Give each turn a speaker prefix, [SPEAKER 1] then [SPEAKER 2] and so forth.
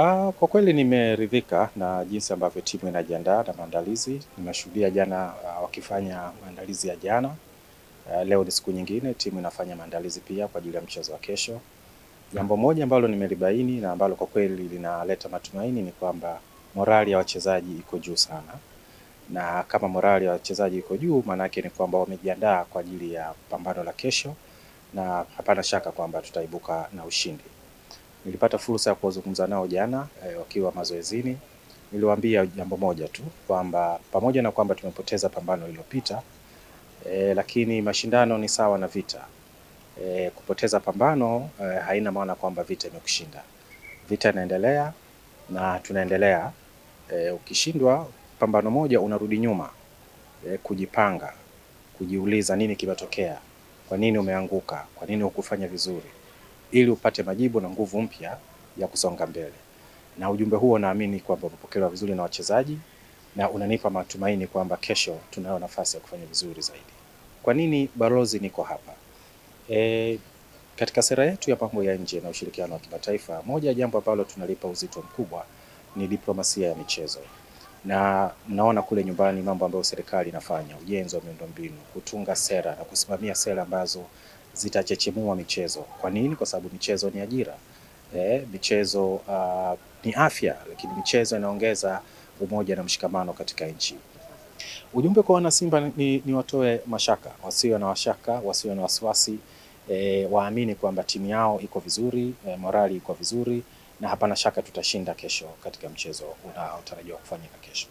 [SPEAKER 1] Ah, kwa kweli nimeridhika na jinsi ambavyo timu inajiandaa na maandalizi. Nimeshuhudia jana uh, wakifanya maandalizi ya jana. Uh, leo ni siku nyingine timu inafanya maandalizi pia kwa ajili ya mchezo wa kesho. Jambo moja ambalo nimelibaini na ambalo kwa kweli linaleta matumaini ni kwamba morali ya wachezaji iko juu sana, na kama morali ya wachezaji iko juu, maanake ni kwamba wamejiandaa kwa ajili ya pambano la kesho, na hapana shaka kwamba tutaibuka na ushindi. Nilipata fursa ya kuwazungumza nao jana e, wakiwa mazoezini. Niliwaambia jambo moja tu kwamba pamoja na kwamba tumepoteza pambano lililopita e, lakini mashindano ni sawa na vita e, kupoteza pambano e, haina maana kwamba vita imekushinda. Vita inaendelea na tunaendelea e, ukishindwa pambano moja unarudi nyuma e, kujipanga, kujiuliza nini kimetokea, kwa nini umeanguka, kwa nini hukufanya vizuri ili upate majibu na nguvu mpya ya kusonga mbele. Na ujumbe huo naamini kwamba umepokelewa vizuri na wachezaji na unanipa matumaini kwamba kesho tunayo nafasi ya kufanya vizuri zaidi. Kwa nini balozi niko hapa? E, katika sera yetu ya mambo ya nje na ushirikiano wa kimataifa, moja ya jambo ambalo tunalipa uzito mkubwa ni diplomasia ya michezo, na mnaona kule nyumbani mambo ambayo serikali inafanya, ujenzi wa miundombinu, kutunga sera na kusimamia sera ambazo zitachechemua michezo. Kwa nini? Kwa sababu michezo ni ajira eh, michezo uh, ni afya, lakini michezo inaongeza umoja na mshikamano katika nchi. Ujumbe kwa wana Simba ni, ni watoe mashaka, wasiwe na washaka, wasiwe na wasiwasi e, waamini kwamba timu yao iko vizuri e, morali iko vizuri na hapana shaka tutashinda kesho katika mchezo unaotarajiwa kufanyika kesho.